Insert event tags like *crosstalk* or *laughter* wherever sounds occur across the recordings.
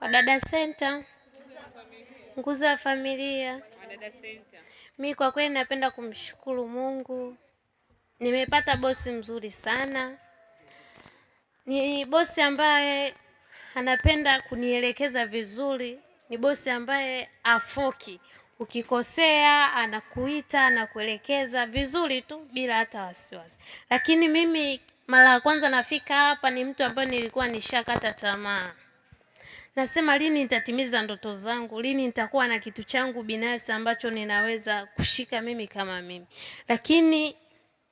Wadada Center, nguzo ya familia. Mi kwa kweli napenda kumshukuru Mungu, nimepata bosi mzuri sana. Ni bosi ambaye anapenda kunielekeza vizuri, ni bosi ambaye afoki, ukikosea anakuita, anakuelekeza vizuri tu bila hata wasiwasi. Lakini mimi mara ya kwanza nafika hapa, ni mtu ambaye nilikuwa nishakata tamaa nasema lini nitatimiza ndoto zangu, lini nitakuwa na kitu changu binafsi ambacho ninaweza kushika mimi kama mimi. Lakini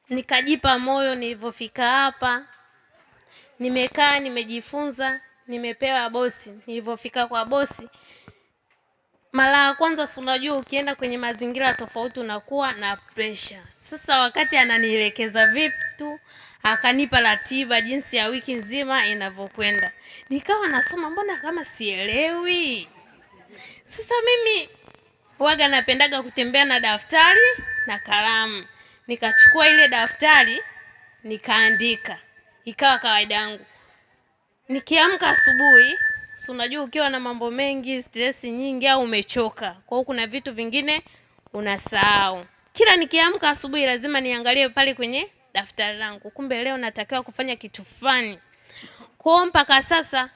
nikajipa moyo, nilivyofika hapa nimekaa, nimejifunza, nimepewa bosi. Nilivyofika kwa bosi mara ya kwanza, si unajua, ukienda kwenye mazingira tofauti unakuwa na pressure. Sasa wakati ananielekeza vitu, akanipa ratiba jinsi ya wiki nzima inavyokwenda, nikawa nasoma, mbona kama sielewi. Sasa mimi waga napendaga kutembea na daftari na kalamu, nikachukua ile daftari nikaandika, ikawa kawaida yangu. Nikiamka asubuhi si unajua ukiwa na mambo mengi, stress nyingi, au umechoka, kwa hiyo kuna vitu vingine unasahau. Kila nikiamka asubuhi lazima niangalie pale kwenye daftari langu, kumbe leo natakiwa kufanya kitu fulani. Kwa hiyo mpaka sasa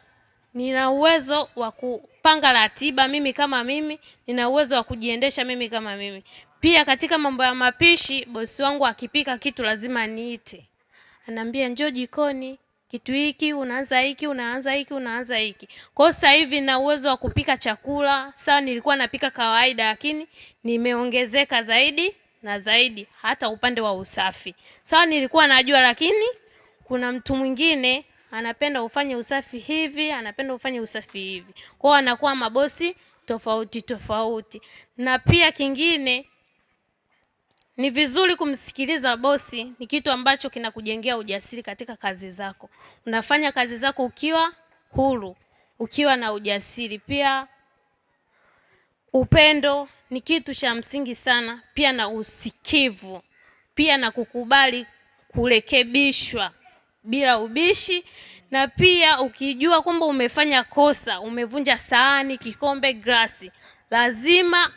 nina uwezo wa kupanga ratiba mimi kama mimi, nina uwezo wa kujiendesha mimi kama mimi. Pia katika mambo ya mapishi, bosi wangu akipika kitu lazima niite, anaambia njoo jikoni kitu hiki unaanza hiki unaanza hiki unaanza hiki. Kwa sasa hivi na uwezo wa kupika chakula sawa, nilikuwa napika kawaida, lakini nimeongezeka zaidi na zaidi, hata upande wa usafi sawa, nilikuwa najua, lakini kuna mtu mwingine anapenda ufanye usafi hivi, anapenda ufanye usafi hivi. kwao anakuwa mabosi tofauti tofauti, na pia kingine ni vizuri kumsikiliza bosi, ni kitu ambacho kinakujengea ujasiri katika kazi zako. Unafanya kazi zako ukiwa huru, ukiwa na ujasiri. Pia upendo ni kitu cha msingi sana, pia na usikivu, pia na kukubali kurekebishwa bila ubishi, na pia ukijua kwamba umefanya kosa, umevunja sahani, kikombe, glasi, lazima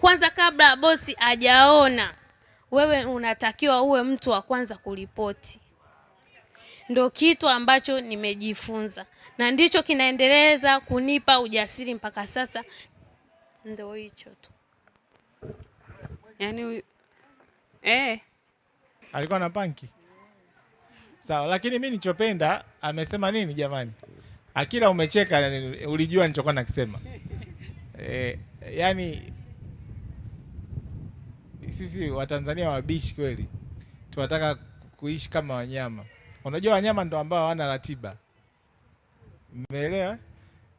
kwanza, kabla bosi ajaona wewe unatakiwa uwe mtu wa kwanza kuripoti. Ndo kitu ambacho nimejifunza na ndicho kinaendeleza kunipa ujasiri mpaka sasa. Ndo hicho tu yani, eh. Alikuwa na panki sawa, lakini mi nichopenda amesema nini jamani? Akila umecheka, ulijua nilichokuwa nakisema *laughs* eh, yani sisi Watanzania wabishi kweli, tunataka kuishi kama wanyama. Unajua wanyama ndo ambao hawana ratiba, mmeelewa?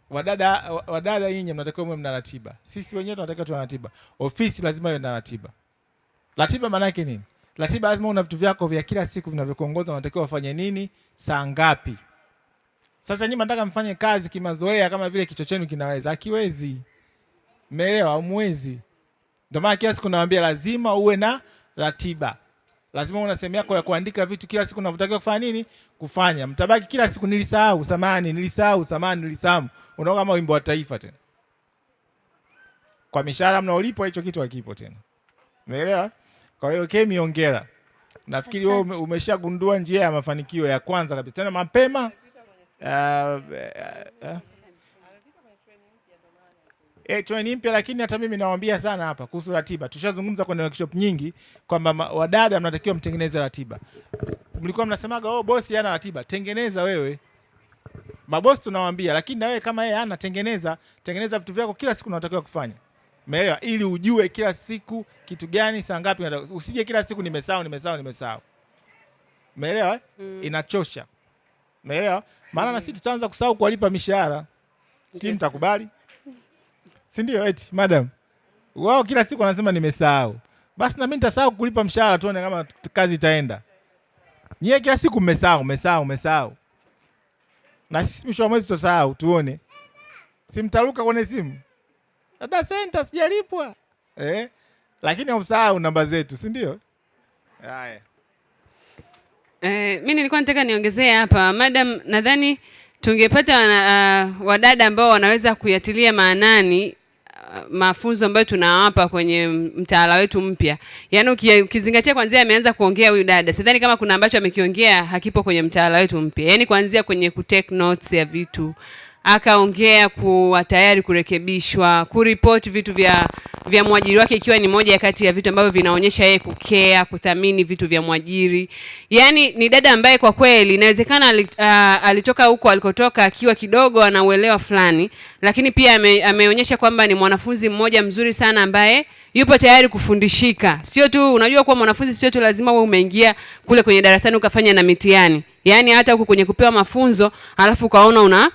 Wadada, wadada nyinyi mnatakiwa mwe mna ratiba. Sisi wenyewe tunatakiwa tuwe na ratiba. Ofisi lazima iwe na ratiba. Ratiba maana yake nini? Ratiba lazima una vitu vyako vya kila siku vinavyokuongoza, unatakiwa ufanye nini, saa ngapi. Sasa nyinyi mnataka mfanye kazi kimazoea, kama vile kichochenu kinaweza, akiwezi. Mmeelewa? umwezi ndio maana kila siku nawambia lazima uwe na ratiba, lazima una na sehemu yako ya kuandika vitu kila siku unavyotakiwa kufanya nini, kufanya. Mtabaki kila siku nilisahau, samani, nilisahau, samani, nilisahau. Unaona kama wimbo wa taifa tena. Kwa mishahara mnaolipwa hicho kitu hakipo tena, umeelewa? Kwa hiyo okay, miongera Nafikiri wewe umeshagundua njia ya mafanikio ya kwanza kabisa tena mapema uh, uh, uh. E, ni mpya lakini hata mimi nawambia sana hapa kuhusu ratiba. Tushazungumza kwenye workshop nyingi kwamba wadada mnatakiwa mtengeneze ratiba. Mlikuwa mnasemaga oh, bosi hana ratiba. Tengeneza wewe. Mabosi tunawaambia, lakini na wewe kama yeye hana, tengeneza, tengeneza vitu vyako kila siku unatakiwa kufanya. Umeelewa? Ili ujue kila siku kitu gani, saa ngapi. Usije kila siku nimesahau, nimesahau, nimesahau. Umeelewa? Eh? Mm. Inachosha. Umeelewa? Maana mm, na sisi mm. tutaanza kusahau kuwalipa mishahara. Yes. Timu takubali si ndio? Eti madam wao kila siku wanasema nimesahau, basi na mimi nitasahau kulipa mshahara, tuone kama kazi itaenda. Nyie kila siku mmesahau, mmesahau, mmesahau, na sisi mwisho wa mwezi tutasahau, tuone simtaruka kwenye simu dada senta sijalipwa eh? Lakini hausahau namba zetu, si ndio? Haya. Eh, mimi nilikuwa nataka niongezee hapa madam, nadhani tungepata uh, wadada ambao wanaweza kuyatilia maanani mafunzo ambayo tunawapa kwenye mtaala wetu mpya. Yaani ukizingatia kwanza ameanza kuongea huyu dada. Sidhani kama kuna ambacho amekiongea hakipo kwenye mtaala wetu mpya. Yaani kuanzia kwenye take notes ya vitu akaongea kuwa tayari kurekebishwa, kuripoti vitu vya vya mwajiri wake, ikiwa ni moja kati ya vitu ambavyo vinaonyesha yeye kukea, kuthamini vitu vya mwajiri. Yaani ni dada ambaye kwa kweli inawezekana alitoka huko alikotoka akiwa kidogo ana uelewa fulani, lakini pia ame, ameonyesha kwamba ni mwanafunzi mmoja mzuri sana ambaye yupo tayari kufundishika. Sio tu unajua kuwa mwanafunzi sio tu lazima wewe umeingia kule kwenye darasani ukafanya na mitihani, yaani hata huko kwenye kupewa mafunzo alafu ukaona una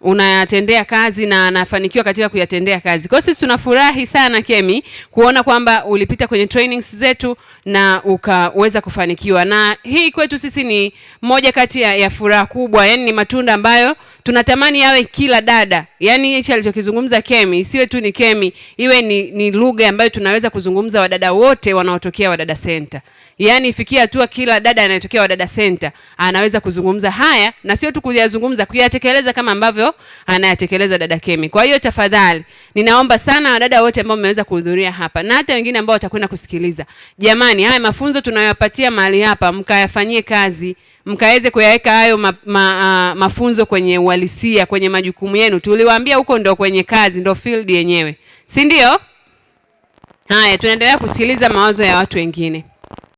unayatendea kazi na anafanikiwa katika kuyatendea kazi. Kwa sisi tunafurahi sana Kemi, kuona kwamba ulipita kwenye trainings zetu na ukaweza kufanikiwa, na hii kwetu sisi ni moja kati ya, ya furaha kubwa, yani ni matunda ambayo tunatamani yawe kila dada, yani hichi alichokizungumza Kemi isiwe tu ni Kemi, iwe ni, ni lugha ambayo tunaweza kuzungumza wadada wote wanaotokea Wadada Center. Yaani ifikia hatua kila dada anayetokea Wadada Center anaweza kuzungumza haya na sio tu kuyazungumza, kuyatekeleza kama ambavyo anayatekeleza dada Kemi. Kwa hiyo tafadhali, ninaomba sana wadada wote ambao mmeweza kuhudhuria hapa na hata wengine ambao watakwenda kusikiliza, jamani, haya mafunzo tunayoyapatia mahali hapa mkayafanyie kazi mkaweze kuyaweka hayo ma, ma, uh, mafunzo kwenye uhalisia kwenye majukumu yenu. Tuliwaambia huko ndo kwenye kazi ndo field yenyewe, si ndio? Haya, tunaendelea kusikiliza mawazo ya watu wengine.